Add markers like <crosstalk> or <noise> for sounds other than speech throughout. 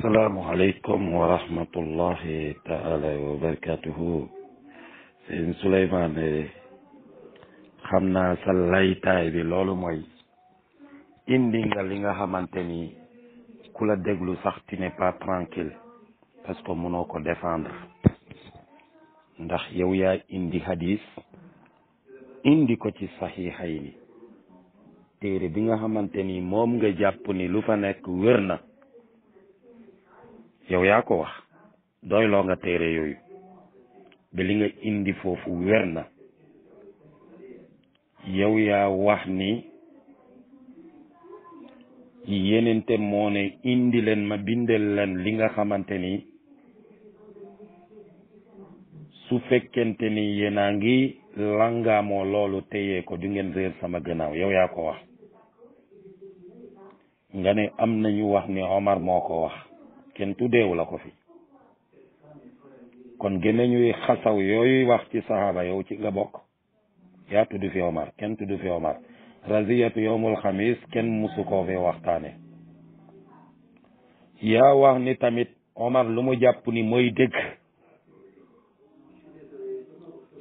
asalaamualeykum wa rahmatullahi taala wa barakatuhu sëñ Souleymane xam naa sa laytaay bi loolu mooy indi nga li nga xamante ni ku la déglu sax tu n'es pas tranquille parce que mënoo ko défendre ndax yow yaa indi hadis indi ko ci saxiixay ni téere bi nga xamante ni moom nga jàpp ni lu fa nekk wér na yow yaa ko wax doy loo téere yooyu ba li nga indi foofu wér na yow yaa wax ni yenente moo ne indi leen ma bindal leen li nga xamante ni su fekkente ni yéenaa ngi langaamoo loolu téyee ko du ngeen réer sama gannaaw yow yaa ko wax nga ne am nañu wax ni Omar moo ko wax kenn tuddeewu la ko fi kon gémmiñuy xasaw yooyu wax ci saxaaba yow ci nga bokk yaa tudd fi Omar kenn tudd fi Omar raziyatu yowmul xamis kenn musu koo fi waxtaane yaa wax ni tamit Omar lu mu jàpp ni mooy dëgg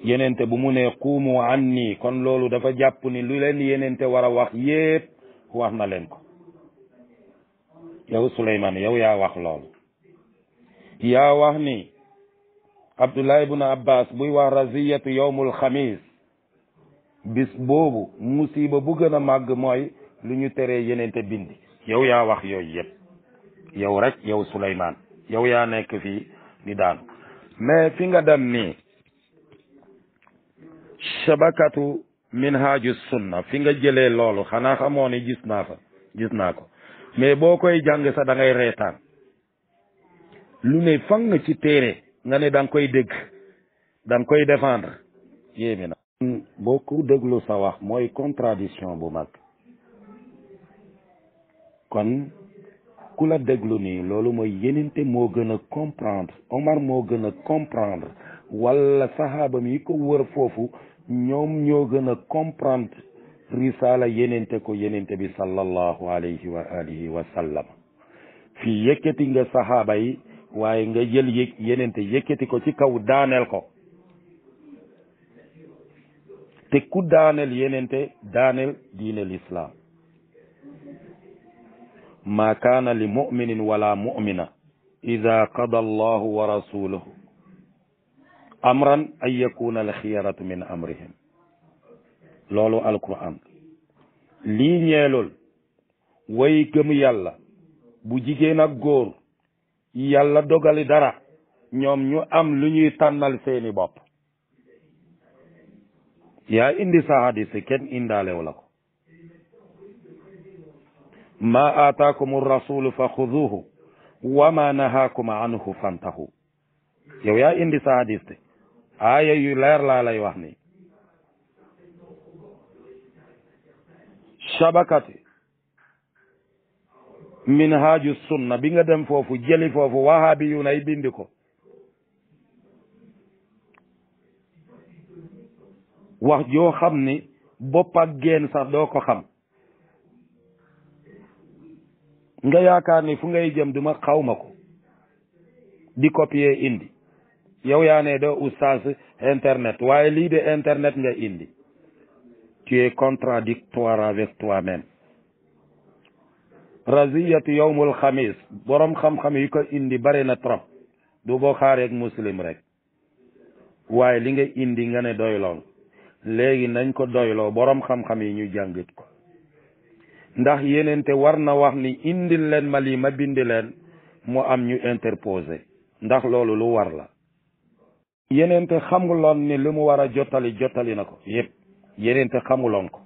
yenente bu mu ne quumu anni kon loolu dafa jàpp ni lu leen yenente war a wax yépp wax na leen ko yow Suleymaan yow yaa wax lool yaa wax ni Abdullah ibn Abbas buy wax raziyatu yowmul xamis bis boobu musiba bu gën a màgg mooy lu ñu tere yeneen te bindi yow yaa wax yooyu yëpp yow rek yow Suleymaan yow yaa nekk fii di daanu mais fi nga dem nii shabakatu minhaju sunna fi nga jëlee loolu xanaa xamoo ni gis naa fa gis naa ko mais boo koy jàng sax da ngay reetaan lu ne fang ci téere nga ne da koy dégg da koy défendre yéeme na boo ko déglu sa wax mooy contradiction bu mag kon ku la déglu nii loolu mooy yenente moo gën a comprendre Omar moo gën a comprendre wala saxaabam yi ko wër foofu ñoom ñoo gën a comprendre risala yenente ko yenente bi sallallahu alayhi wa alihi wa sallam fii yëkkati nga sahaaba waaye nga jël yëg yenente ko ci kaw daanel ko te ku daaneel yenente daaneel diine lislaam ma kaana li muminin wala mumina ida qada allahu wa rasuluhu amran an yakuna alxiyaratu min amrihim loolu alquran lii ñeelul way gëm yàlla bu jigéen ak góor yàlla dogal dara ñoom ñu am lu ñuy tànnal seeni bopp yaa indi sa hadis kenn indaalewu la ko ma aataakum rasulu fa xuduhu wa ma nahaakum anhu fantahu yow yaa indi sa hadis aaya yu leer laa lay wax ni shabakati minhaju sunna bi nga dem foofu jëli foofu wahabi yu nay bindi ko wax joo xam ni bopp ak génn sax doo ko xam nga yaakaar ni fu ngay jëm duma xaw ma ko di copier indi yow yaa ne doo oustaz internet waaye lii de internet nga indi tu es contradictoire avec toi-même raziyatu yowmul xamis boroom xam-xam yi ko indi bare na trop du Buxaari ak Muslim rek waaye li nga indi nga ne doyloo léegi nañ ko doyloo boroom xam-xam yi ñu jàngit ko ndax yenente war na wax ni indi leen ma lii ma bindi leen mu am ñu interposé ndax loolu lu war la yenente xamuloon ni li mu war jottali jottali na ko yépp yeneen te xamuloon ko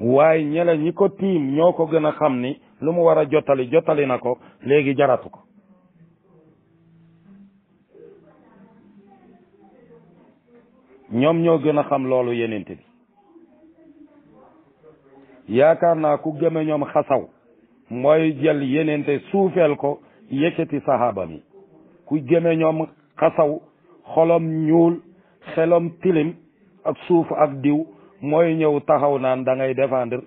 waaye ñela ñi ko tiim ñoo ko gën a xam ni lu mu war a jottali jottali na ko léegi jaratu ko ñoom ñoo gën a xam loolu yenente bi yaakaar naa ku gëme ñoom xasaw mooy jël yenente suufeel ko yëkkati sahaaba mi ku gëme ñoom xasaw xolom ñuul xelam tilim ak suuf ak diw mooy ñëw taxaw naan da ngay défendre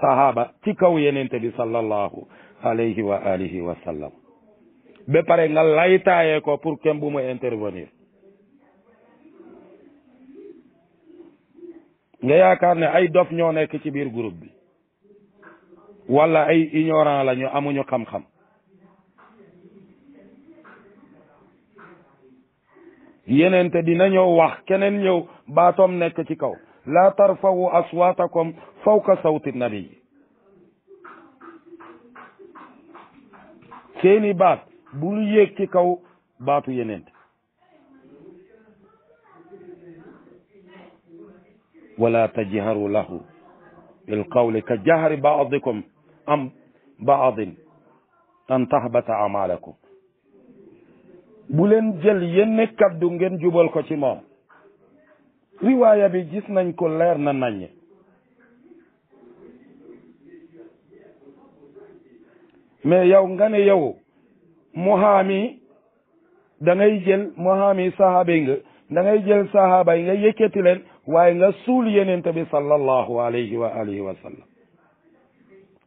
sahaba ci kaw yenente bi sallallahu alayhi wa alihi wa sallam ba pare nga laytaayee ko pour kenn bu ma intervenir nga yaakaar ne ay dof ñoo nekk ci biir group bi wala ay ignorant la amuñu xam-xam yeneen te dina ñëw wax keneen ñëw baatoom nekk ci kaw laa tarfawu aswaatakum fawka sawti nabi seeni baat bu ñu yéeg ci kaw baatu yeneen wala tajharu lahu bil qawli ka jahri baadikum am baadin an tahbata amalakum bu leen jël yenn kaddu ngeen jubal ko ci moom riwaaya bi gis nañ ko leer na naññ mais yow nga ne yow muhaami da ngay jël muhaami sahaba yi nga dangay jël sahaba yi nga yëkkati leen waaye nga suul yenente bi sallallahu alayhi wa alihi wa sallam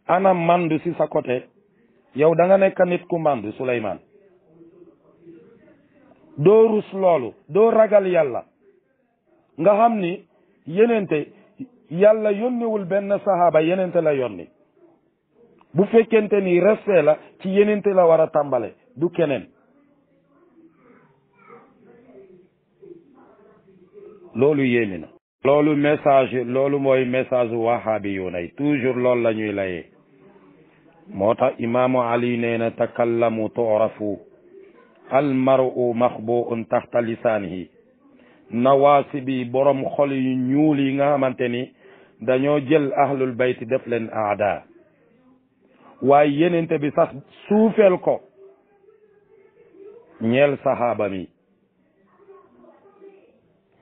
ana mandu si sa côté yow da nga nekk nit ku mandu Souleymane doo rus loolu doo ragal yàlla nga xam ni yenente yàlla yónniwul benn sahaaba yenente la yónni bu fekkente ni respect la ci yenente la war a tàmbale du keneen loolu yéemi na loolu message loolu mooy message wahabi yu nay toujours loolu la ñuy layee moo tax imaamu ali nee na takallamu tu'rafu almaru maxbuun taxta lisaanihi nawaasi bi borom xol yu ñuul yi nga xamante ni dañoo jël ahlul bayt def leen aadaa waaye yenente bi sax suufeel ko ñeel saxaaba mi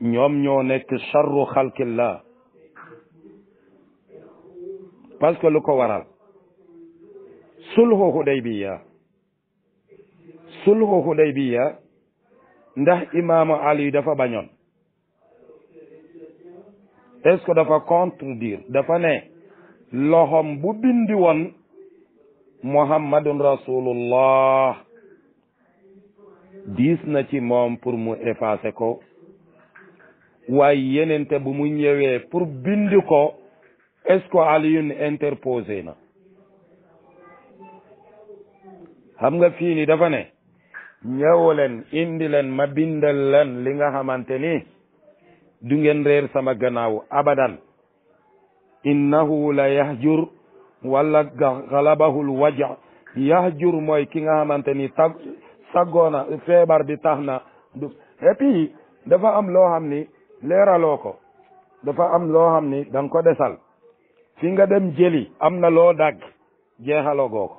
ñoom ñoo nekk charru xalqillah parce que lu ko waral sulhu hudaybiya sulhu hudaybiya ndax imaamu ali dafa bañoon est-ce que dafa contredire dafa ne loxom bu bindi woon muhammadun rasulullah diis na ci moom pour mu effacer ko waaye yenente bu mu ñëwee pour bindi ko est-ce que aliyun interposé na xam nga fi ni dafa ne ñëw leen indi leen ma bindal leen li nga xamante ni du ngeen réer sama gannaaw abadan innahu la yahjur wala galabahul waja yahjur mooy ki nga xamante ni tag saggoona feebar bi tax na du dafa am loo xam ni leeraloo ko dafa am loo xam ni da nga ko desal fi nga dem jëli am na loo dag jeexaloo goo ko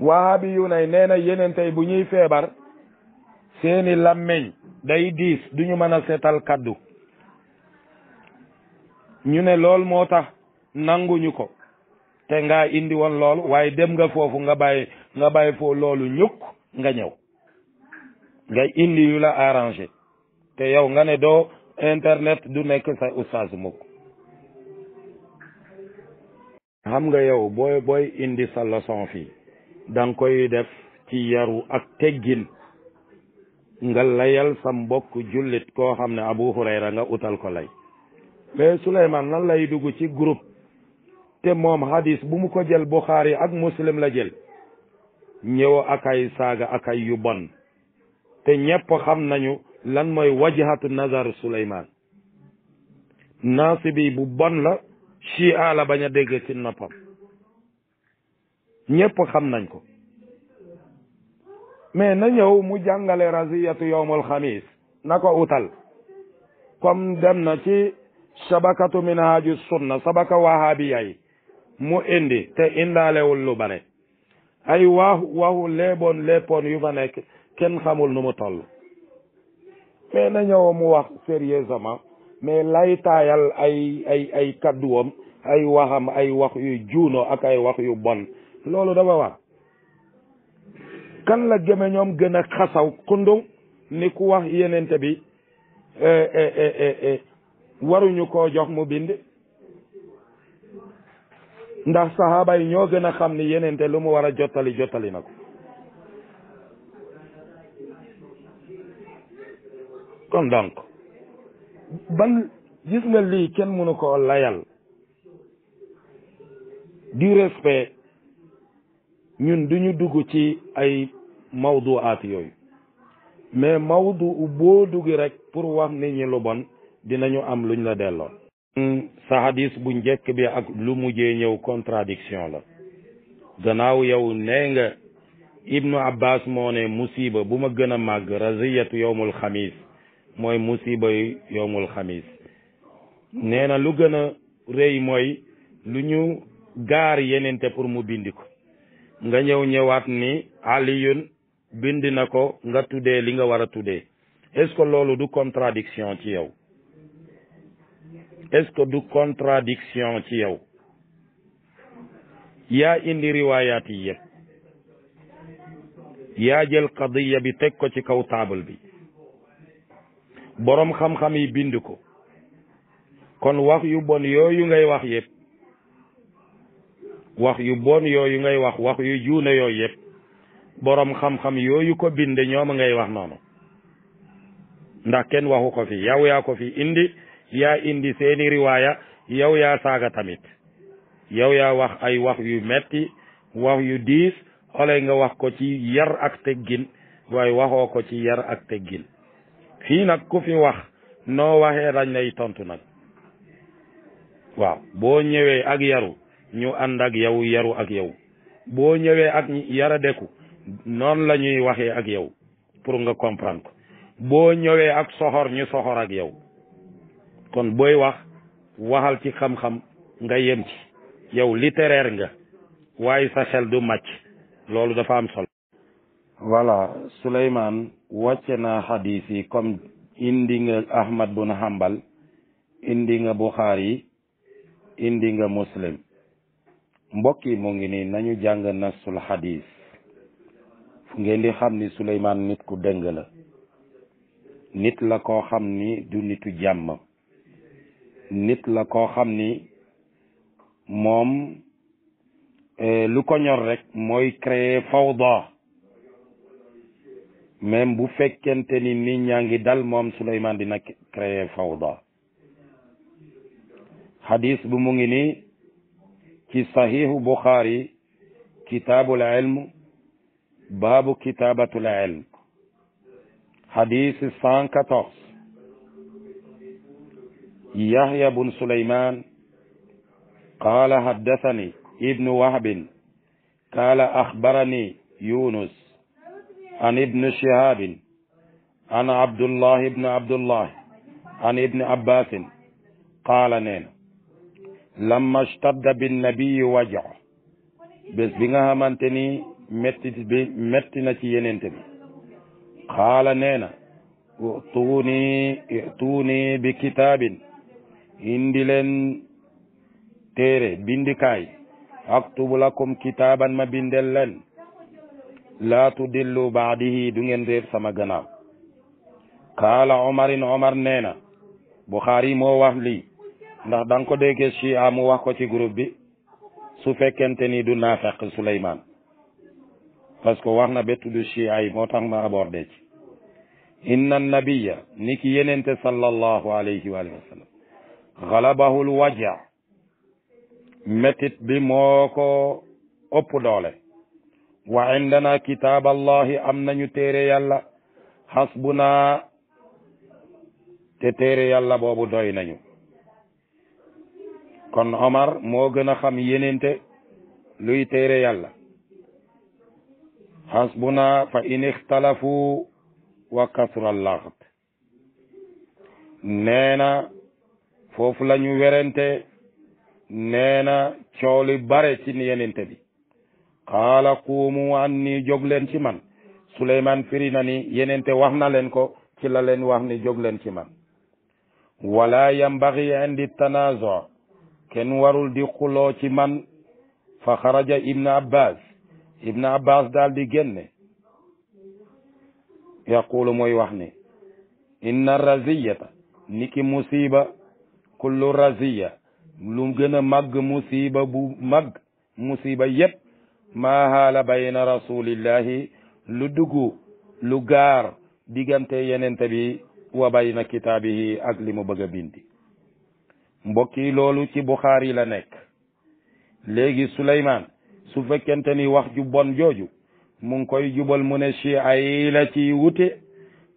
wahabi yu nay nee na yeneen tey bu ñuy feebar seeni làmmeñ day diis duñu mën a seetal kàddu ñu ne lool moo tax nanguñu ko te nga indi woon lool waaye dem nga foofu nga bàyyi nga bàyyi foo loolu ñukk nga ñëw nga indi yu la arrangé te yow nga ne doo internet du nekk sa oustaz mukk xam nga yow booy booy indi sa leçon fii da nga koy def ci yaru ak teggin nga layal sa mbokk jullit koo xam ne Abu Hurayra nga utal ko lay mais Suleymaan nan lay dugg ci groupe te moom hadis bu mu ko jël Buxaari ak Muslim la jël ñëw ak ay saaga ak ay yu bon te ñépp xam nañu lan mooy wajhatu nazar Suleymaan naasibi bu bon la chi a la bañ a dégg ci noppam ñépp xam nañ ko mais na ñëw mu jàngale raziyatu yowmul xamis na ko utal comme dem na ci sabakatu minhaju sunna sabaka wahabiya yi mu indi te indaalewul lu bare ay waaxu waaxu léeboon léppoon yu fa nekk kenn xamul nu mu toll mais na ñëw mu wax sérieusement mais lay taayal ay ay ay kadduwam ay waxam ay wax yu juuno ak ay wax yu bon loolu dafa war kan la gémme ñoom gën a xasaw kundung ni ku wax yenente bi e, e, e, waruñu koo jox mu bind ndax saxaaba yi ñoo gën a xam ni yenente lu mu war a jottali jottali na ko kon donc ban gis nga lii kenn mënu koo layal du respect ñun duñu dugg ci ay mawduwaat yooyu mais mawdu boo dugg rek pour wax nit ñi lu bon dinañu am luñ la delloo sa bu njëkk bi ak lu mujjee ñëw contradiction la gannaaw yow nee nga ibnu abbas moo ne musiba bu ma gën a màgg raziyatu yowmul xamis mooy musiba yowmul xamis nee na lu gën a rëy mooy lu ñu gaar yenente pour mu bindi ko nga ñëw ñëwaat ni aliyun bind na ko nga tuddee li nga war a tuddee est-ce loolu du contradiction ci yow est-ce du contradiction ci yow yaa indi riwaayaat yi yëpp yaa jël qadiya bi teg ko ci kaw taabal bi boroom xam-xam yi bind ko kon wax yu bon yooyu ngay wax yëpp wax yu bon yooyu ngay wax wax yu juune yooyu yëpp boroom xam-xam yooyu ko bind ñooma ngay wax noonu ndax kenn waxu ko fi yow yaa ko fi indi yaa indi seeni riwaaya yow yaa saaga tamit yow yaa wax ay wax yu metti wax yu diis olay nga wax ko ci yar ak teggin waaye waxoo ko ci yar ak teggin fii nag ku fi wax noo waxee dañ lay tontu nag waaw boo ñëwee ak yaru ñu ànd ak yow yaru ak yow boo ñëwee ak yaradeku deku noonu la ñuy waxee ak yow pour nga comprendre boo ñëwee ak soxor ñu soxor ak yow kon booy wax waxal ci xam-xam nga yem ci yow littéraire nga waaye sa xel du màcc loolu dafa am solo voilà Souleymane wàcce naa xadiis yi comme indi nga Ahmad bun Hanbal indi nga Bukhari indi nga Muslim mbokk yi mu ngi nii nañu jàng na xadis fu ngeen di xam ni Souleymane nit ku dëng la nit la koo xam ni du nitu jàmm nit la koo xam ni moom eh, lu ko ñor rek mooy créer fawda même bu fekkente ni ni ñaa ngi dal moom Souleymane dina créer fawda xadis bu mu ngi nii ci sahihu buxaari kitaabul ilm baabu kitaabatul ilm hadis cent quatorze yahya bun suleyman qaala haddasani ibnu wahbin qaala axbarani yunus an ibni shihabin an abdullahi ibni abdullahi an ibni abbasin qaala neen lamma stadda bin nabii wajo bés bi nga xamante ni metti bi na ci yenente bi xaala nee na tuuni tuuni bi kitaabin indi leen téere bindikaay aktubu lakum kitaaban ma bindel leen laa tudillu baadihi du ngeen réer sama gannaaw kaala omarin omar nee na buxaari moo wax lii ndax da nga ko mu wax ko ci groupe bi su fekkente ni du naafeq Souleymane parce que wax na ba tudd yi moo tax ma abordé ci inna nabiya ni ki yenente sallallahu alayhi wa sallam xalabahul waja métit bi moo ko ëpp doole wa indana kitaab allahi am nañu téere yàlla xasbuna te téere yàlla boobu doy nañu kon Omar moo gën a xam yenente luy téere yàlla xasbuna fa in ixtalafu wa kasura laxat nee na foofu lañu ñu werente nee na coow li bare ci yenente bi xaala quumu an ni jóg leen ci man Suleymaan firi na ni yenente wax na leen ko ci la leen wax ni jóg leen ci man wala yambaxi indi tanazo kenn warul di xuloo ci man fa xaraja ibn abbas ibn abbas daal di génne yaqulu mooy wax ne inna raziyata niki musiba kullu raziya lu gën a màgg musiba bu màgg musiba yépp maa haala lu dugg lu gaar diggante yenente bi wa bayna kitaabihi ak li mu bëgg a bindi mbokk yi loolu ci buxaar yi la nekk léegi suleymaan su fekkente ni wax ju bon jooju mu ngi koy jubal mu ne ci ay la ci wute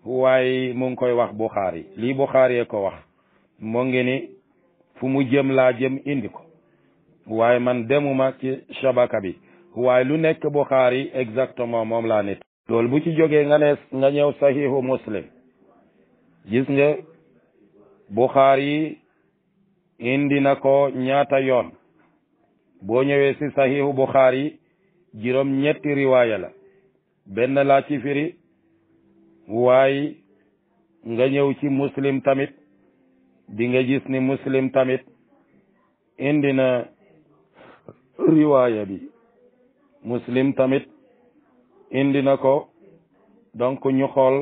waaye mu ngi koy wax buxaar yi lii buxaar yee ko wax moo ngi ni fu mu jëm laa jëm indi ko waaye man demuma ci shabaka bi waaye lu nekk buxaar yi exactement moom laa nit lool bu ci jógee nga ne nga ñëw saxiixu muslim gis nga buxaar indi na ko ñaata yoon boo ñëwee ci saxiixu Buxaari juróom ñetti riwaaya la benn laa ci firi waaye nga ñëw ci muslim tamit di nga gis ni muslim tamit indi na riwaaya bi muslim tamit indi na ko donk ñu xool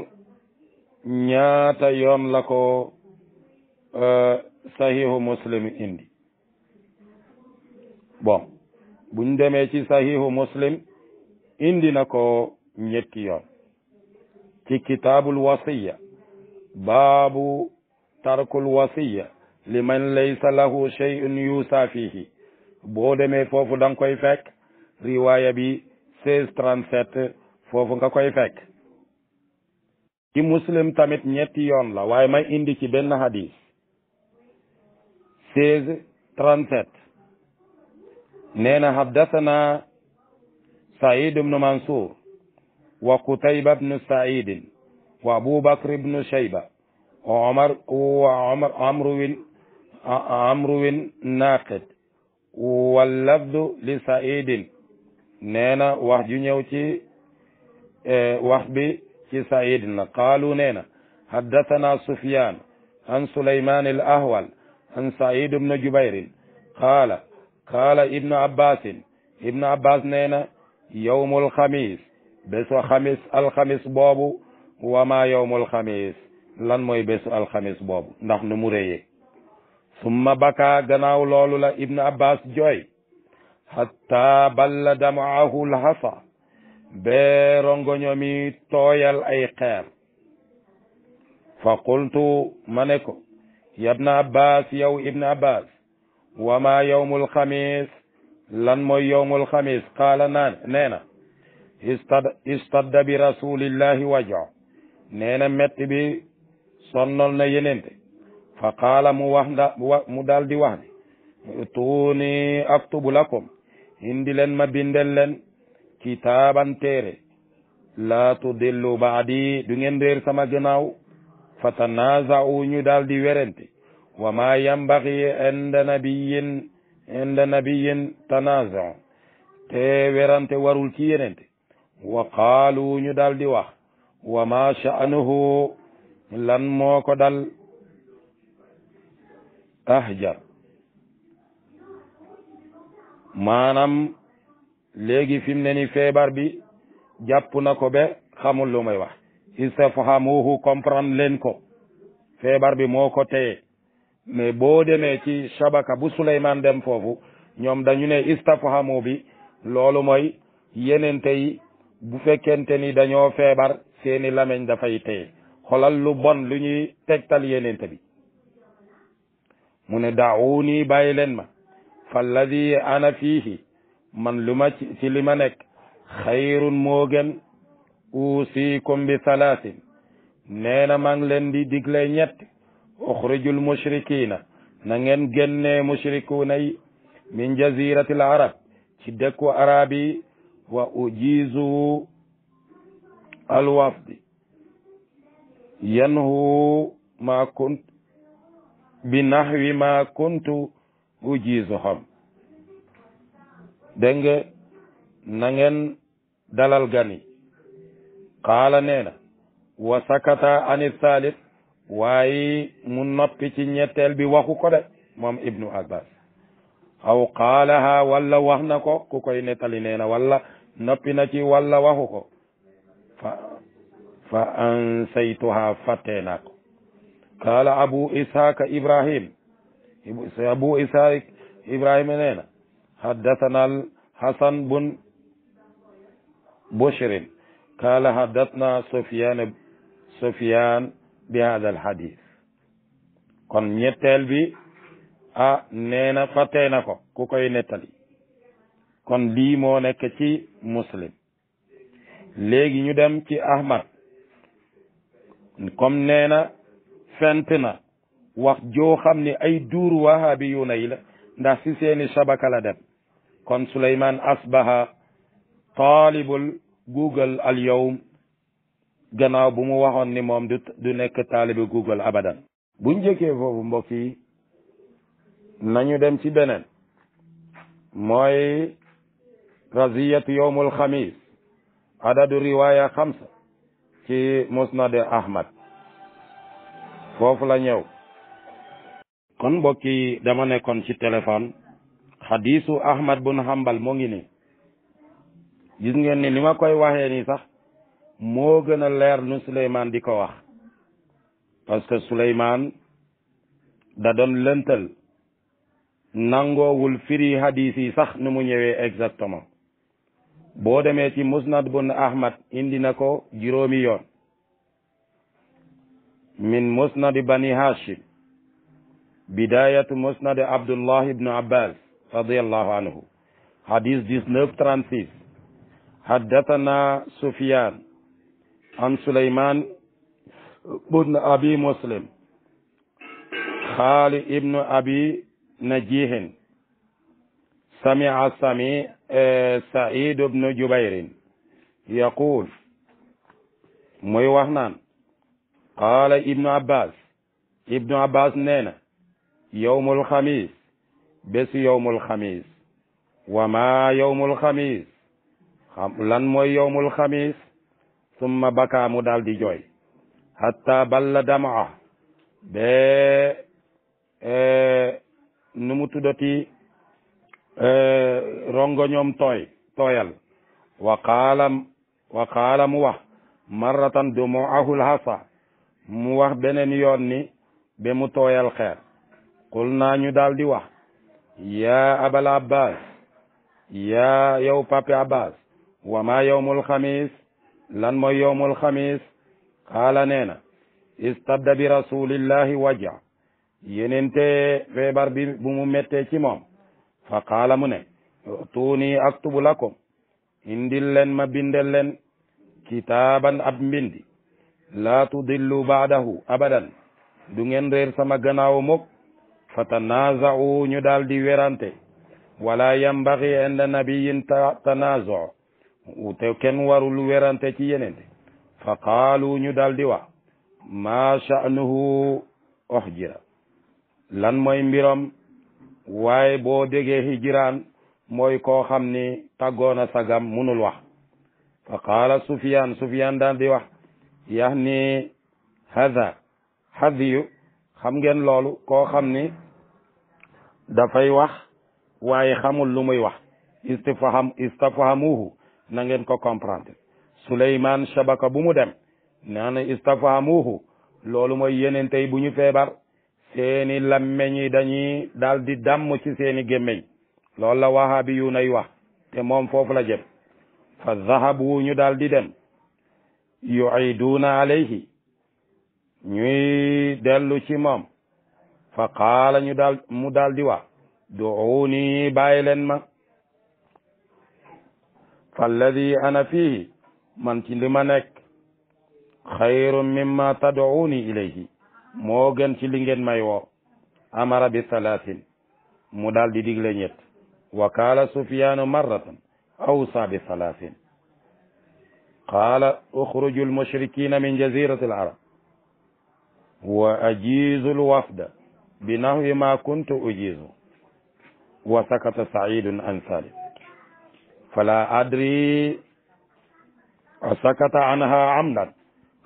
ñaata yoon la ko euh, sahihu muslim indi bon buñ demee ci sahihu muslim indi na ko ñetti yoon ci kitaabul wasiya baabu tarkul wasiya liman laysa lahu shay'un yuusa fihi boo demee foofu da nga koy fekk riwaaya bi 1637 foofu nga koy fekk ci muslim tamit ñetti yoon la waaye may indi ci benn hadis seize trente sept nee na haddathana said ibnu mansour wa qutayba ibnu saidin wa abubakr ibnu shayba wa omar wa omar amruwin amruwin naqid wallafdu li saidin nee na wax ju ñëw ci eh, wax bi ci saidin na qaalu nee na haddathana sufyan an sulayman al ahwal an said ibnu jubayrin qaala qaala ibnu abbasin ibnu abbas nee na yowmul xamis bésu xamis alxamis boobu wama yowmul xamis lan mooy bésu alxamis boobu ndax nu mu réyee summa baka gannaaw loolu la ibnu abbas jooy hatta balla damaahu lhasa bee rongoñomi tooyal ay xeer fa qultu ma ne ko ya ibn abbas yow ibn abbas wa ma yawmul xamis lan mooy yawmul xamis qaala naan nee na istad istadda bi rasulillahi wajo nee na metti bi sonnal na yenente fa qaala mu wax da mu daal di wax ne tuuni aktubu lakum indi leen ma bindel leen kitaaban téere laa tudillu baadi du ngeen réer sama gannaaw fatanaza'u ñu daal di werante wa ma yambagi inda nabiyin inda nabiyin tanaza te werante warul ci yenente wa qaalu ñu daldi wax wa ma sha'nuhu lan moo ko dal ahjar maanaam léegi fi ne ni feebar bi jàpp na ko ba xamul may wax istafhamuhu comprendre leen ko feebar bi moo ko téye mais boo demee ci shabaka bu Souleymane dem foofu ñoom dañu ne istafhamu bi loolu mooy yenente yi bu fekkente ni dañoo feebar seeni lameñ dafay téye xolal lu bon lu ñuy tegtal yenente bi mu ne daawuni bàyyi leen ma falladi ana fiihi man lu ma ci li ma nekk xayrun moo uusikum bi salaasin nee na maa ngi leen di digle ñett uxrijul mushrikiina na nangeen génnee mushrikuuna yi min jaziratil arab ci dëkku arab yi wa ujiizu alwafdi yanhu ma kunt bi naxwi ma kuntu ujiizu xam dégg nga na ngeen dalal gan qaala nee na wa sakata ani thalith waaye mu noppi ci ñetteel bi waxu ko de moom ibnu abbas aw qaalaha walla wax na ko ku koy nettali nee na walla noppi na ci walla waxu ko fa fa ansaytuha fàttee naa ko qaala abu ishaqa ibrahim abu ishaq ibrahima nee na haddathana al hasan bun bushrin qaala haddatna sufyaan sufyaan bi hada al kon ñetteel bi ah nee na ko ku koy nettali kon lii moo nekk ci muslim léegi ñu dem ci ahmad comme nee na fent na wax joo xam ni ay duur wahabi yu nay la ndax si seeni sabaka la dem kon suleyman asbaha talibul google al gannaaw bu mu waxoon ni moom du du nekk taalibe google abadan buñ njëkkee foofu mbokk yi nañu dem ci beneen mooy raziyatu yowmul xamis adadu riwaya xamsa ci musnade ahmad foofu la ñëw kon mbokk yi dama nekkoon ci téléphone xadiisu ahmad bun hambal moo ngi nii gis ngeen ni li ma koy waxee nii sax moo gën a leer nu Souleymane di ko wax parce que Souleymane da doon lëntal nangoowul firi hadis sax nu mu ñëwee exactement boo demee ci musnad bun ahmad indi na ko juróomi yoon min musnad bani hashim bidayatu musnad abdullah ibnu abbas radiallahu anhu hadis dix-neuf حدثنا سفيان عن سليمان بن أبي مسلم خالد ابن أبي نجيه سمع سميع سعيد بن جبير يقول موي وحنان قال ابن عباس ابن عباس نينا يوم الخميس بس يوم الخميس وما يوم الخميس lan mooy yowmul xamis summa baka mu daal di jooy hatta balla damaa bee nu mu tuddati e, rongo ñoom tooy tooyal wa qaala mu wax marratan dumuahul hasa mu wax beneen yoon ni ba mu tooyal xeer qul ñu daldi di wax yaa abal abbas yaa yow pape wa ma yowmul xamis lan mooy yowmul xamis xaala nee istadda bi rasulillahi waja yenente feebar bi mu méttee ci moom fa xaala mu ne tuuni aktubu lakum indil leen ma bindel leen kitaaban ab mbindi laa tudillu baadahu abadan du ngeen réer sama gannaaw mukk fa tanaaza'u ñu daal di werante wala yambaxi inda nabiyin tanaazo te kenn warul werante ci yenente fa qaalu ñu daldi wax ma sha'nuhu uxjira lan mooy mbiram waaye boo déggee hijraan mooy koo xam ni tàggoona sagam munul wax fa qaala sufyaan sufyaan daal di wax yax ni hadha xam ngeen loolu koo xam ni dafay wax waaye xamul lu muy wax istafham istafahamuhu na ngeen ko comprendre Suleymaan shabaka bu mu dem nee na loolu mooy yeneen tey bu ñu feebar seeni lammeñ yi dañuy daal di dàmm ci seeni gémmeñ loolu la wahabi yu nay wax te moom foofu la jëm fa zahabu ñu daal di dem yuiduuna alayhi ñuy dellu ci moom fa qaala ñu daal mu daal di wax duuni bàyyi ma falladi ana fii man ci li ma nekk xayru mimma tad'uuni ilayhi moo gën ci li ngeen may woo amara bi salaasin mu daal di digle ñett wa kaala sufyaanu marratan awsa bi salaasin qaala uxruju almushrikina min jazirati al arab wa ajiizu alwafda bi nahwi ma kuntu ujiizu wa sakata saidun an salim fala adri sakata anha amdan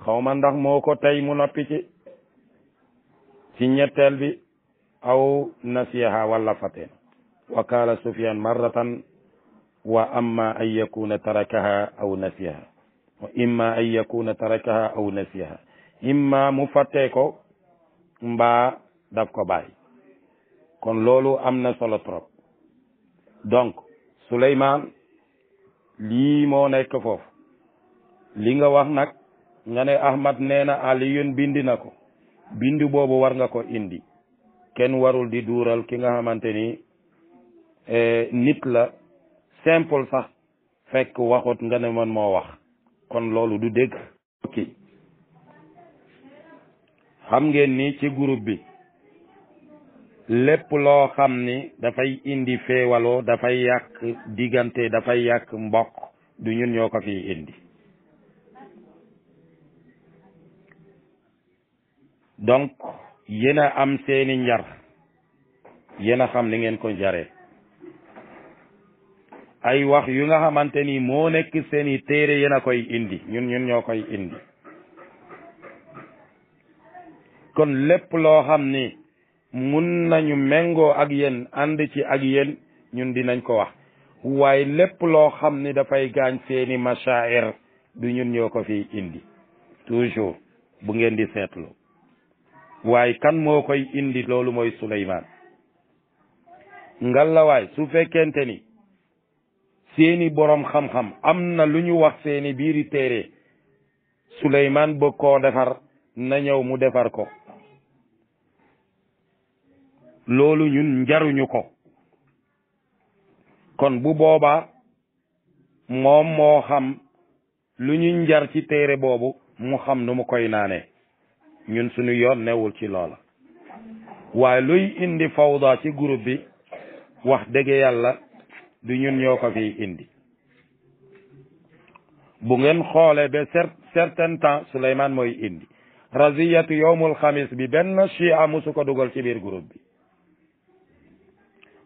xaw ma ndax moo ko tey mu noppi ci ci ñetteel bi aw nasiyaha walla fateen wa qaala sufyan marratan wa amma an yakuna tarakaha aw nasiyaha wa imma an yakuna tarakaha aw nasiyaha imma mu fattee ko mbaa daf ko bàyyi kon loolu am na solo trop donc Souleymane lii moo nekk foofu li nga wax nag nga ne Ahmad nee na Aliyun bindi na ko bind boobu war nga ko indi kenn warul di duural ki nga xamante ni e, nit la simple sax fekk waxut nga ne man moo wax kon loolu du dégg. ok xam ngeen ni ci groupe bi. lépp loo xam ni dafay indi féewaloo dafay yàq diggante dafay yàq mbokk du ñun ñoo ko fii indi donc yéen a am seeni njar yéen a xam li ngeen ko njaree ay wax yu nga xamante ni moo nekk seeni téere yéen koy indi ñun ñun ñoo koy indi kon lépp loo xam ni mun nañu mengoo ak yéen ànd ci ak yéen ñun dinañ ko wax waaye lépp loo xam ni dafay gaañ seeni machair du ñun ñoo ko fi indi toujours bu ngeen di seetlu waaye kan moo koy indi loolu mooy Souleymane ngalawaay su fekkente ni seeni boroom xam-xam am na lu ñu wax seeni biiri téere Souleymane bëgg koo defar na ñëw mu defar ko loolu ñun njaruñu ko kon bu boobaa moom moo xam lu ñuy njar ci téere boobu mu xam nu mu koy naanee ñun suñu yoon newul ci loola waaye luy indi fawda ci groupe bi wax dëgg yàlla du ñun ñoo ko fiy indi bu ngeen xoolee ba certain temps Souleymane mooy indi raziyatu yowmul xamis bi benn amu su ko dugal ci biir groupe bi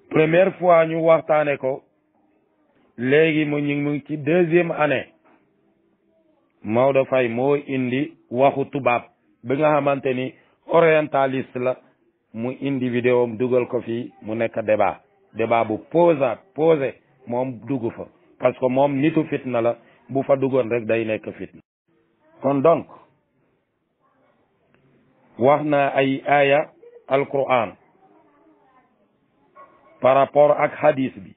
première fois ñu waxtaane ko léegi mu ñu ngi ci deuxième année Maodo fay moo indi waxu tubaab bi nga xamante ni orientaliste la mu indi vidéo dugal ko fii mu nekk débat débat bu posa posé moom dugg fa parce que moom nitu fitna la bu fa duggoon rek day nekk fitna kon donc wax na ay aaya alquran par rapport ak hadis bi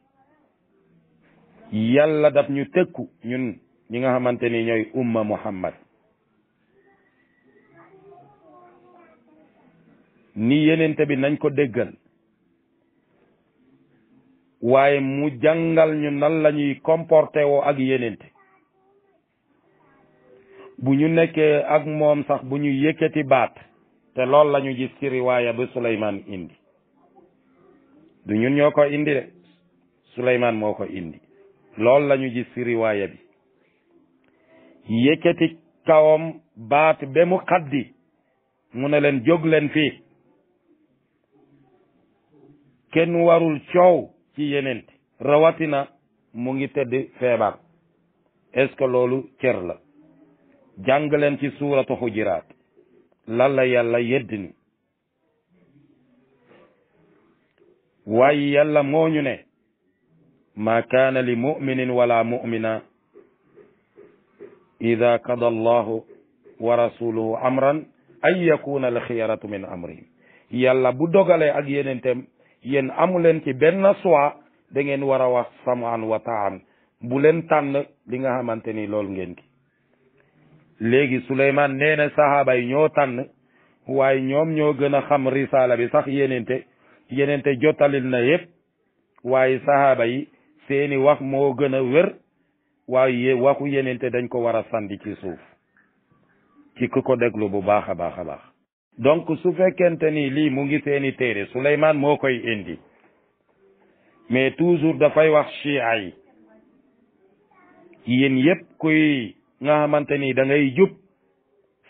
yàlla daf ñu tëkku ñun ñi nga xamante ni ñooy umma muhammad ni yenente bi nañ ko déggal waaye mu jàngal ñu nan lañuy ñuy woo ak yenente bu ñu nekkee ak moom sax bu ñu yëkkati baat te loolu la ñu gis ci riwaaya bi Suleymaan indi du ñun ñoo ko indi de Suleymaan moo ko indi loolu lañu gis ci riwaaya bi yëkkati kawam baat ba mu xaddi mu ne leen jóg leen fii kenn warul coow ci yeneen rawatina mu ngi tëdd feebar est-ce loolu cër la jàng leen ci suuratu xujiraat lan la yàlla yedd waaye yàlla moo ñu ne ma kaana li muminin wala mumina ida kada allahu wa rasuluhu amran an yakuna al xiyaratu min amrihim yàlla bu dogalee ak yeneentem yéen amu leen ci benn soit da ngeen war a wax samaan wa taan bu leen tànn li nga xamante ni loolu ngeen ki léegi Suleymaan nee na yi ñoo tànn waaye ñoom ñoo gën a xam risaala sax yenente yeneen te jottalil na yëpp waaye sahaaba yi seeni wax moo gën a wér waaye waxu yeneen dañ ko war a sandi ci suuf ci ku ko déglu bu baax a baax a baax donc su fekkente ni lii mu ngi seeni téere Suleymaan moo koy indi mais toujours dafay wax chia yi yéen yépp kuy nga ni dangay ngay jub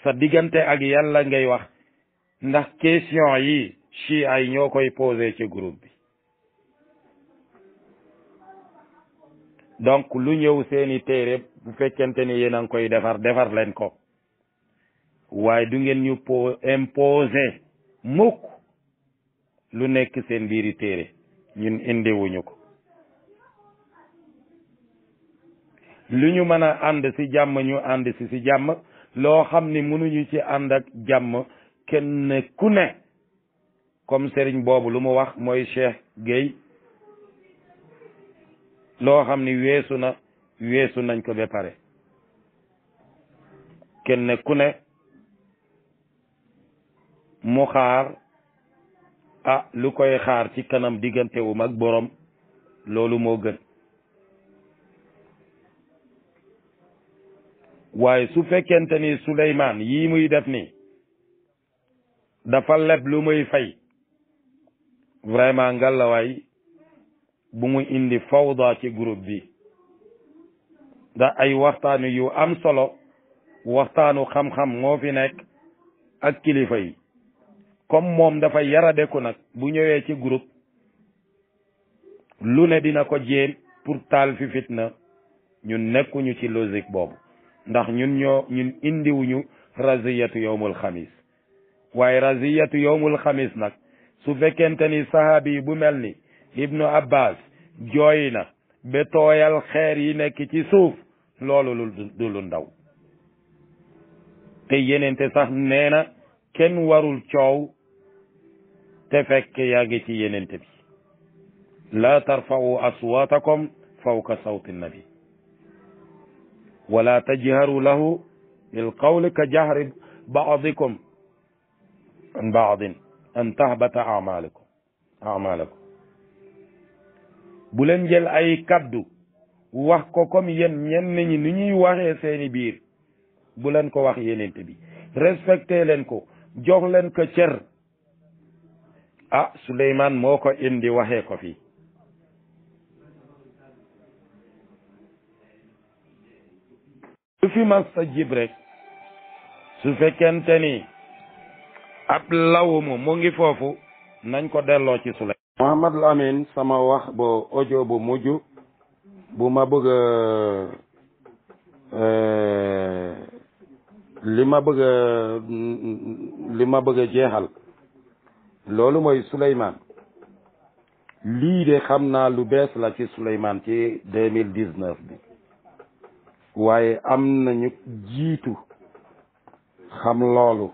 sa diggante ak yàlla ngay wax ndax question yi chi ay ñoo koy pose ci groupe bi donc lu ñëw seeni téere bu fekkente ni yéen a koy defar defar leen ko waaye du ngeen ñu po imposé mukk lu nekk seen biiri téere ñun indiwuñu ko lu ñu mën a ànd si jàmm ñu ànd si si jàmm loo xam ni mënuñu ci ànd ak jàmm kenn ku ne comme sëriñ boobu lu mu wax mooy Cheikh géey loo xam ni weesu na weesu nañ ko ba pare kenn ku ne mu xaar a ah, lu koy xaar ci kanam diggante wu mag borom loolu moo gën waaye su fekkente ni Souleymane yii muy def nii dafa leb lu muy fay vraiment ngàllawaay bu mu indi fawda ci groupe bi ndax ay waxtaanu yu am solo waxtaanu xam-xam moo fi nekk ak kilifa yi comme moom dafa yaradeku nag bu ñëwee ci groupe lu ne dina ko jéem pour taal fi na ñun nekkuñu ci logique boobu ndax ñun ñoo ñun indiwuñu raziyatu yowmul xamis waaye raziyatu yowmul xamis nag su fekkente ni sahabi bu mel ni ibnu abbas jooy na ba tooyal xeer yi nekk ci suuf loolu du lu ndaw te yenente sax nee na kenn warul coow te fekk yaa ngi ci yenente bi la tarfa'u aswatakum fawqa sawti nabi wala tajharu lahu bil qawli ka jahri ba'dikum an an tahbata amalakum ko bu leen jël ay kaddu wax ko comme yéen ñenn ñi ni ñuy waxe seeni biir bu leen ko wax yenente bi respecté leen ko jox leen ko cër ah Souleymane moo ko indi waxe ko fii su fi mas sa jib rek su fekkente ni ab lawumu mu ngi foofu nañ ko delloo ci Sulay Mouhamad Lamine sama wax bu audio bu mujj bu ma bëgg eh, li ma bëgg ma bëgg a jeexal loolu mooy Souleymane lii de xam naa lu bees la ci Souleymane ci deux mille dix bi waaye am nañu jiitu xam loolu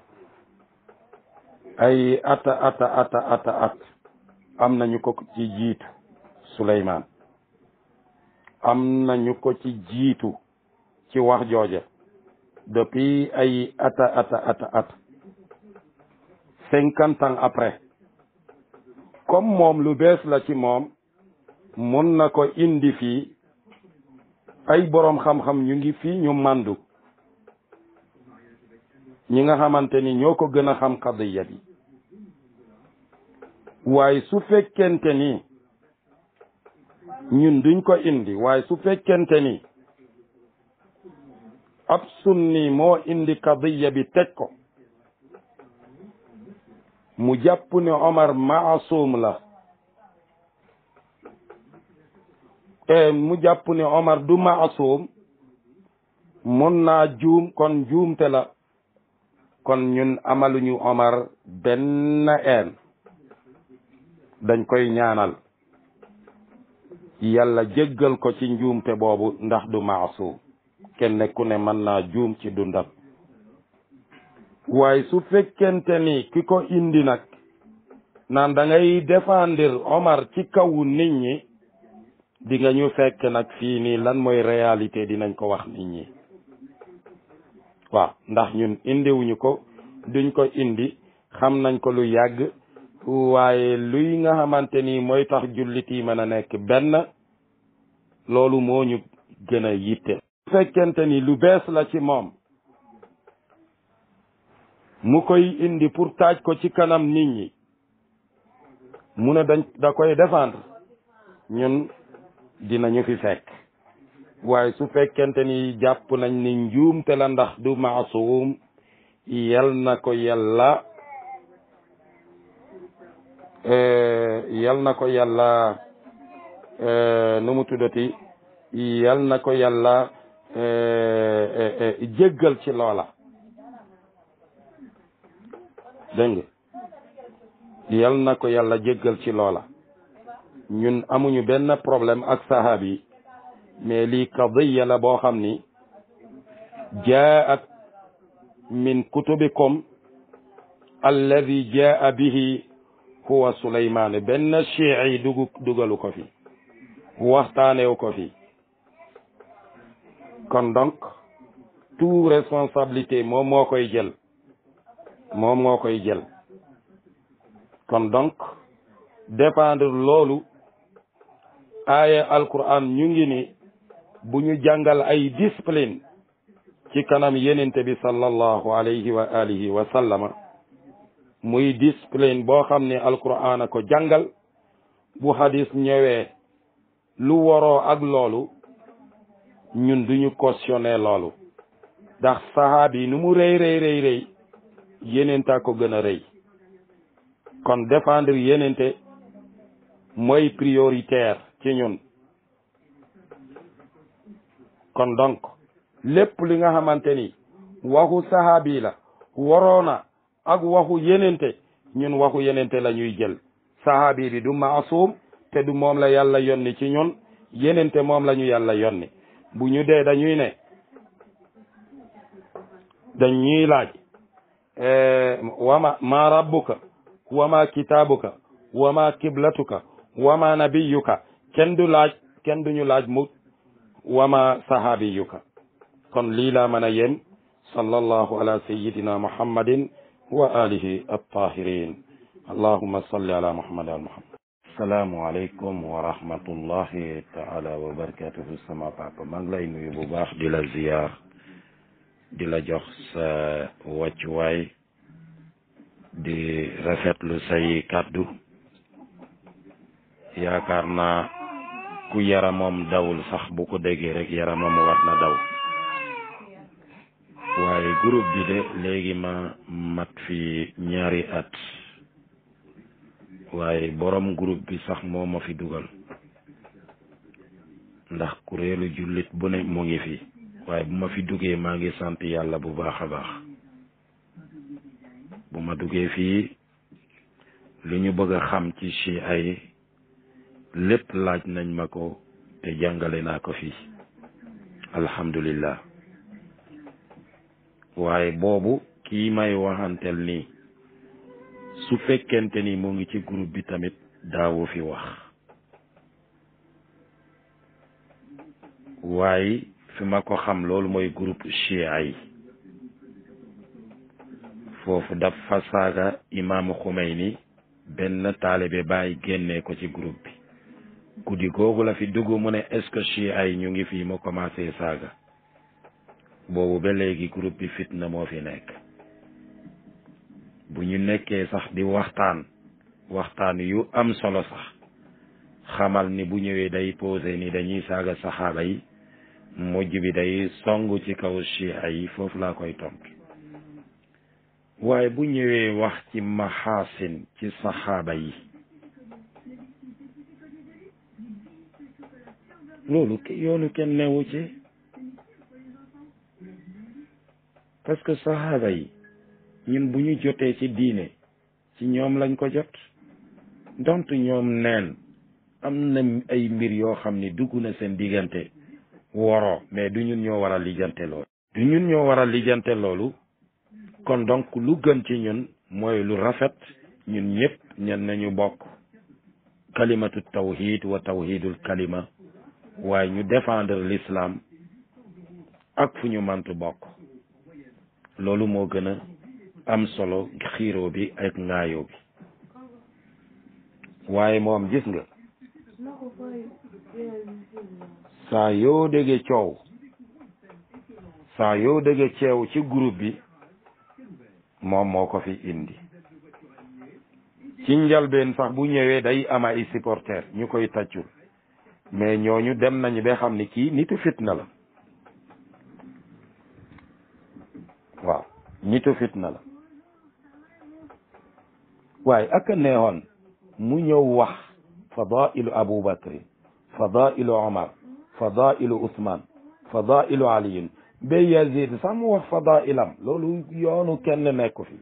ay ata ata ata ata at am nañu ko ci jiitu Suleymaan am nañu ko ci jiitu ci wax jooje depuis ay ata ata at cinquante ans après comme moom lu bees la ci moom mun na ko indi fii ay boroom xam-xam ñu ngi fii ñu màndu ñi nga xamante ni ñoo ko gën a xam qadiya bi waay su fekkente ni ñun duñ ko indi waay su fekkente ni ab ni moo indi qadiya bi teg ko mu jàpp ne Omar maasum la e mu jàpp ne Omar du maasum mun naa juum kon juumte la kon ñun amaluñu Omar benn een dañ koy ñaanal yàlla jéggal ko ci njuumte boobu ndax du maasum kenn ku ne mën naa juum ci dundam waaye su fekkente ni ki ko indi nag naan dangay ngay défendre Omar ci kaw nit ñi di ñu fekk nag fii nii lan mooy réalité dinañ ko wax nit ñi waaw ndax ñun indiwuñu ko duñ ko indi xam nañ ko lu yàgg waaye luy nga xamante ni mooy tax jullit yi mën a nekk benn loolu moo ñu gën a yitte fekkente ni lu bees la ci moom mu koy indi pour taaj ko ci kanam nit ñi mu ne dañ da koy défendre ñun dina ñu fi fekk waaye su fekkente ni jàpp nañ ni njuumte la ndax du maasuum yal ko yàlla Eh, yal na ko yàlla eh, nu mu tuddati yal na ko yàlla eh, jéggal ci loola dégg nga yal na ko yàlla jéggal ci loola ñun amuñu benn problème ak sahaab yi mais lii qadiya la boo xam ni jaat min kutubikum alladi jaa bihi kuwa Suleymaane benn chiites dugu dugalu ko fi waxtaanewu ko fi kon donc tout responsabilité moom moo koy jël moom moo koy jël kon donc dépendre loolu aaya alquran ñu ngi ni bu ñu jàngal ay discipline ci kanam yenente bi sallallahu alayhi wa alihi wa sallama muy discipline boo xam ne alquran a ko jàngal bu hadis ñëwee lu waroo ak loolu ñun duñu cautionné loolu ndax sahaab yi nu mu rey rëy rëy rëy yenenta ko gën a rëy kon défendre yenente mooy prioritaire ci ñun kon donc lépp li nga xamante ni waxu sahaab yi la waroona ak waxu yenente ñun waxu yenente la ñuy jël sahaabi du maasuum te du moom la yàlla yonni ci ñun yenente moom la ñu yàlla yonni bu ñu dee dañuy ne dañuy laaj eh, wama ma rabbuka wama kitaabuka wama kiblatuka wama nabiyuka kenn du laaj kenn ñu laaj mukk wama sahaabiyuka kon lii laa mën a yem sallallahu ala sayyidina muhammadin wa alihi attahirin allahuma salli ala muhammad al muhammad asalaamu aleykum wa rahmatullahi taala wa barakatuhu sama papa ma ngi lay nuyu bu baax di la ziyaar di la jox sa wàccuwaay di rafetlu say kàddu yaakaar naa ku yaramam dawul sax bu ko déggee rek yaramam war na daw waaye groupe bi de léegi ma mat fi ñaari at waaye borom groupe bi sax moo ma fi dugal ndax kuréelu jullit bu ne mu ngi fi waaye bu ma fi duggee maa ngi sant yàlla bu baax a baax bu ma duggee fii lu ñu bëgg a xam ci ci ay lépp laaj nañ ma ko te jàngale naa ko fii alhamdulillah waaye boobu kii may waxantel nii su fekkente ni mu ngi ci groupe bi tamit daawu fi wax waaye fi ma ko xam loolu mooy group chia yi foofu dafa saaga imaamu Khomeini benn taalibe bàyyi génnee ko ci groupe bi guddi googu la fi dugg mu ne est-ce que chia yi ñu ngi fii ma commencé saaga boobu ba léegi groupe bi fitna moo fi nekk bu ñu nekkee sax di waxtaan waxtaan yu am solo sax xamal ni bu ñëwee day posé ni dañuy saaga saxaaba yi mujj bi day song ci kaw chia yi foofu laa koy tong waaye bu ñëwee wax ci maxaasin ci saxaaba yi loolu yoonu kenn newu ci parce que saxaaba yi ñun bu ñu jotee ci diine ci ñoom lañ ko jot dont ñoom neen am na ay mbir yoo xam ne dugg na seen diggante waroo mais du ñun ñoo war a lijjante loolu du ñun ñoo war a lijjante loolu kon donc lu gën ci ñun mooy lu rafet ñun ñépp ñen nañu bokk kalimatu tawhid wa tawhidul kalima waaye ñu défendre l'islam ak fu ñu mant bokk loolu moo gën a am solo xiiroo bi ak ngaayoo bi waaye moom gis nga saa yoo déggee coow saa yoo déggee ceew ci groupe bi moom moo ko fi indi ci njalbeen sax bu ñëwee day am ay ñu koy tàccul mais ñooñu dem nañu ba xam ni kii nitu fitna la waaw nitu fitna la waaye ak a mu ñëw wax fadailu abou bacrin fadailu omar fadailu ousmane fadailu aliyin ba yazid sax mu loolu yoonu kenn nekku fi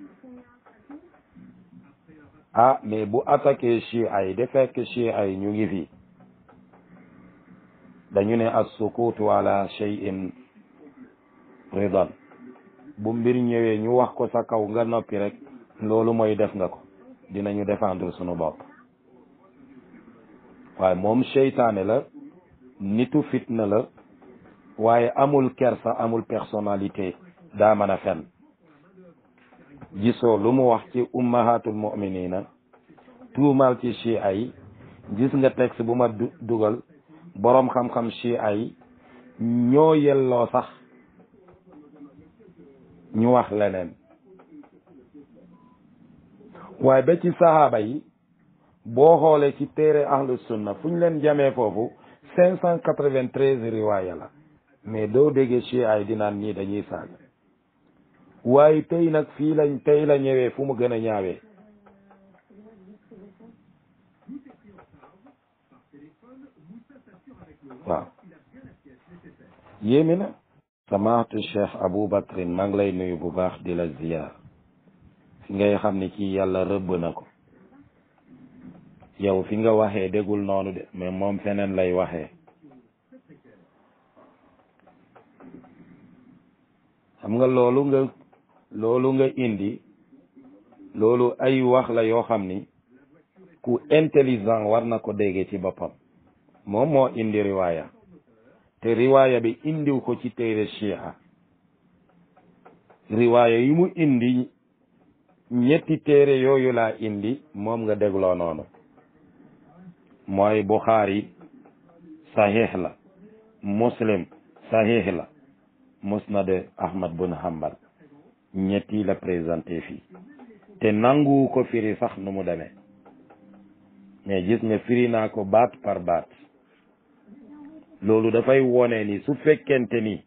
ah mais bu attaqué chia yi da fekk chia ñu ngi fi dañu ne as sukutu ala cheyin ridan bu mbir ñëwee ñu wax ko sa kaw nga noppi rek loolu mooy def nga ko dinañu défendre sunu bopp waaye moom seytaane la nitu fitna la waaye amul kersa amul personnalité daa mën a fen gisoo lu mu wax ci ummahatul muminina tuumaal ci chia ay gis nga texte bu ma dugal boroom xam-xam chia yi ñoo yelloo sax ñu wax leneen waaye ba ci saxaaba yi boo xoolee ci téere ahlu sunna fu ñu leen jamee foofu cinq cent quatre-vingt-treize riwaaya la mais doo déggee ci ay dinaan nii dañuy saaga waaye tey nag fii lañ tey la ñëwee fu mu gën a ñaawee waaw yéemi na samaatu cheikh abou bakrin maa ngi lay nuyu bu baax di la ziyaar ngay xam ni kii yàlla rëbb na ko yow fi nga waxee déggul noonu de mais moom feneen lay waxe xam nga loolu nga loolu nga indi loolu ay wax la yoo xam ni ku intelligent war na ko déggee ci boppam moom moo indi riwaaya te riwaaya bi indiwu ko ci téere Chiha riwaaya yi mu indi ñetti téere yooyu laa indi moom nga dégloo noonu mooy Bukhari saxiix la Muslim saxiix la Musnad Ahmad bun Hanbal ñetti la présenté fi te nanguwu ko firi sax numu mu mais gis nga firi ko baat par baat loolu dafay wone ni su fekkente ni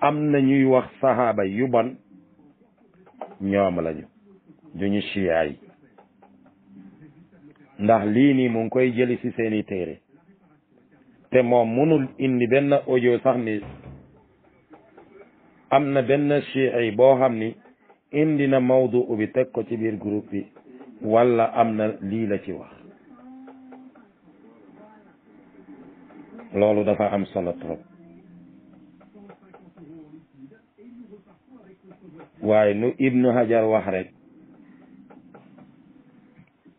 am na ñuy wax sahaaba yu bon ñoom lañu du ñu siyaa yi ndax lii nii mu koy jëli ci seeni téere te moom mënul indi benn audio sax ni am na benn chii boo xam ni indi na mawdu bi teg ko ci biir groupe bi walla am na lii la ci wax loolu dafa am solo trop waaye lu ibnu hajar wax rek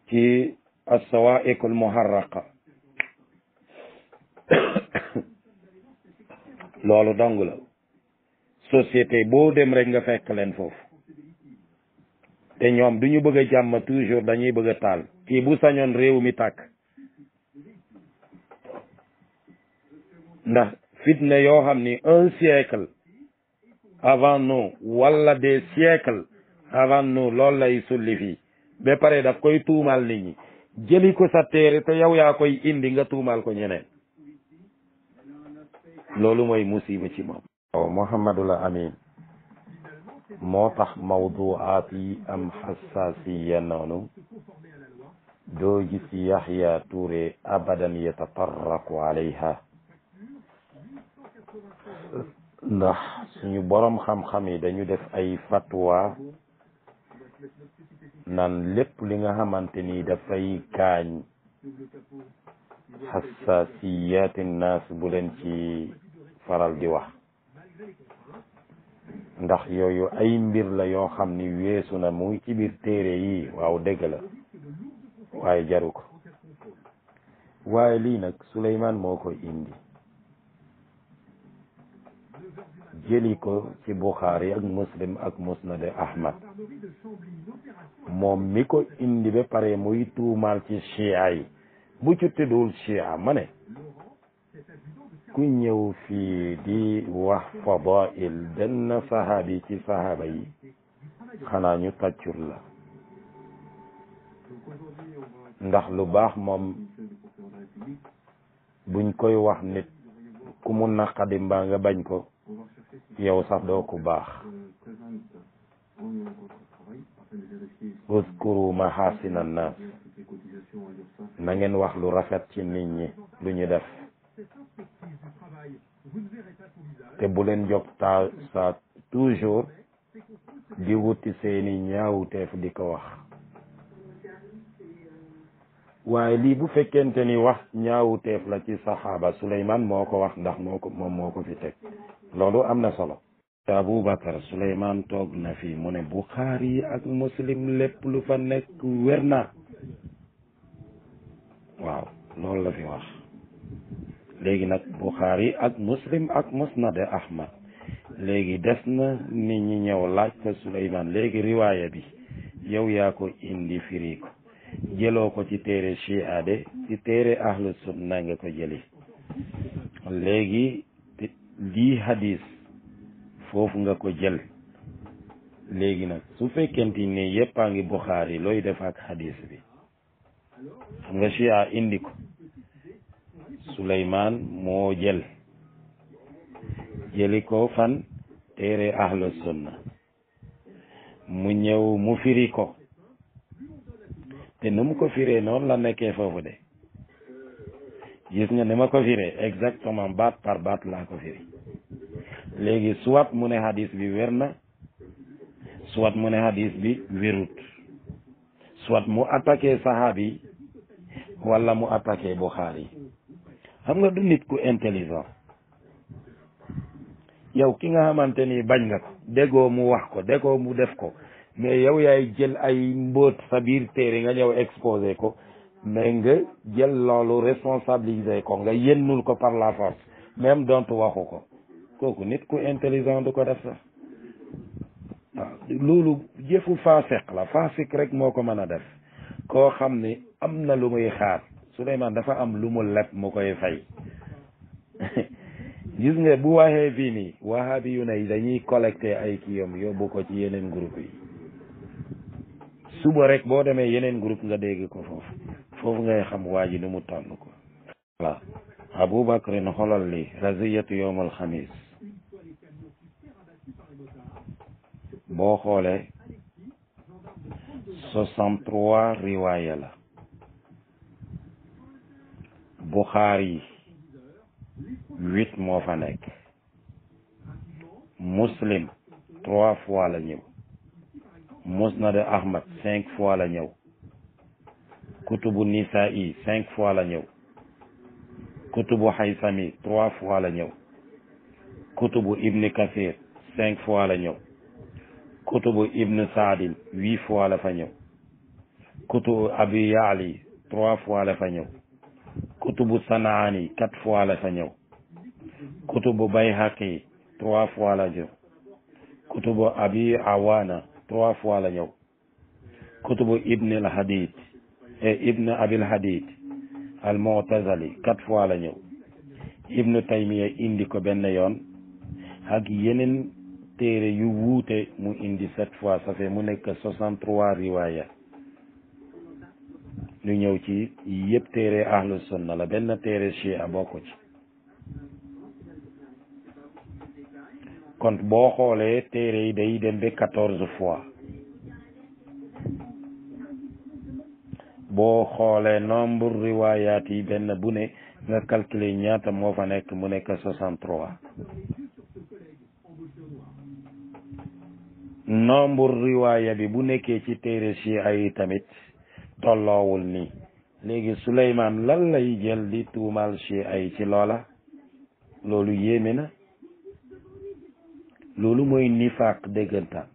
ci assawaiqul muharraqa <coughs> loolu dong la société boo dem rek nga fekk leen foofu te ñoom du ñu bëgg a jàmm toujours dañuy bëgg a taal kii bu sañoon réew mi tàkk ndax fitna yoo xam ni un siècle avant nous wala des siècles avant nous loolu lay sulli fii ba pare daf koy tuumaal nit ñi jëli ko sa te yow yaa koy indi nga tuumaal ko ñeneen loolu mooy musiba ci moom waaw Muhammadul Amin moo tax mawduaat yi am xasaasiya noonu doo gis Yaxya Touré abadan yatatarraku ndax suñu boroom xam-xam yi dañu def ay fatwa naan lépp li nga xamante ni dafay kaañ xasaasiyaati naas bu leen ci faral di wax ndax yooyu ay mbir la yoo xam ni weesu na muy ci biir téere yi waaw dëgg la waaye jaru ko waaye lii nag Suleymaan moo ko indi jëli ko ci Bukhari ak Muslim ak Musnad Ahmad moom mi ko indi ba pare muy tuumaal ci chia yi bu ci tëddul chia ma ne ku ñëw fii di wax fadail benn sahaabi ci sahaaba yi xanaa ñu tàccul la ndax lu baax moom buñ koy wax nit ku na xadim mbaa nga bañ ko yow sax doo ku baax uskuru mahasina annas na ngeen wax lu rafet ci nit ñi lu ñu def te buleen leen jóg sa toujours di wuti seeni ñaawteef di ko wax waaye lii bu fekkente ni wax teef la ci saxaaba Suleymaan moo ko wax ndax moo ko moom moo ko fi teg loolu am na solo te Aboubacar Souleymane toog na fi mu ne Bukhari ak Muslim lépp lu fa nekk wér na waaw loolu la fi wax léegi nag Bukhari ak Muslim ak Musnad Ahmad léegi des na nit ñi ñëw laaj ko Souleymane léegi riwaaya bi yow yaa ko indi firi ko jëloo ko ci téere Chia de ci téere ahlu sunna nga ko jëli léegi lii xadiis foofu nga ko jël léegi nag su fekkente ne yëpp a ngi Buxaari looy def ak hadis bi xam nga chia indi ko Suleymaan moo jël jëli ko fan téere ahlu mu ñëw mu firi ko te nu mu ko firee noon la nekkee foofu de gis nga ne ma ko firee exactement baat par baat laa ko firi léegi soit mu ne hadis bi wér na soit mu ne hadis bi wérut soit mu attaqué sahabi wala mu attaqué Buxaari xam nga du nit ku intelligent yow ki nga xamante ni bañ nga ko déggoo mu wax ko déggoo mu def ko mais yow yaay jël ay mbot sa biir téere nga ñëw exposé ko mais nga jël loolu responsabiliser ko nga yennul ko par la force même dont waxu ko kooku nit ku intelligent du ko def sax waaw loolu jëfu faasiq la faasiq rek moo ko mën a def koo xam ni am na lu muy xaar Souleymane dafa am lu mu leb mu koy fay <laughs> gis nga bu waxee fii nii wahabi yu ne dañuy collecté ay kiyam yóbbu ko ci yeneen groupe yi suba rek boo demee yeneen group nga dégg ko foofu foofu ngay xam waa ji nu mu toll ko voilà abubakrin xolal li raziyatu yowmal xamis boo xoolee soixante trois riwaaya la buxaari huit moo fa nekk muslim trois fois la ñëw musnad ahmad cinq fois la ñëw kutubu nisaa yi cinq fois la ñëw kutubu xaysami trois fois la ñëw kutubu ibni kasir cinq fois la ñëw kutubu ibn saadin huit fois la fa ñëw kutubu abi yaali trois fois la fa ñëw kutubu sanaani fois la fa ñëw kutubu bayhaqi trois fois la ñëw kutubu abi awana trois fois la ñëw kutubu ibn al et ibn abil hadid al mu'tazali quatre fois la ñëw ibnu taymiya indi ko benn yoon ak yeneen téere yu wuute mu indi sept fois ça mu nekk soixante trois riwaaya ñu ñëw ci yëpp téere ahlu sunna la benn téere chia bokk ci kon boo xoolee téere yi day dem ba quatorze fois boo xoolee nombre riwaayaat yi benn bu ne nga calculer ñaata moo fa nekk mu nekk soixante-trois nombre riwaaya bi bu nekkee ci téere ci ay tamit tolloowul nii léegi Suleymaan lan lay jël di tuumaal si ay ci loola loolu yéeme na loolu mooy fàq déggantaan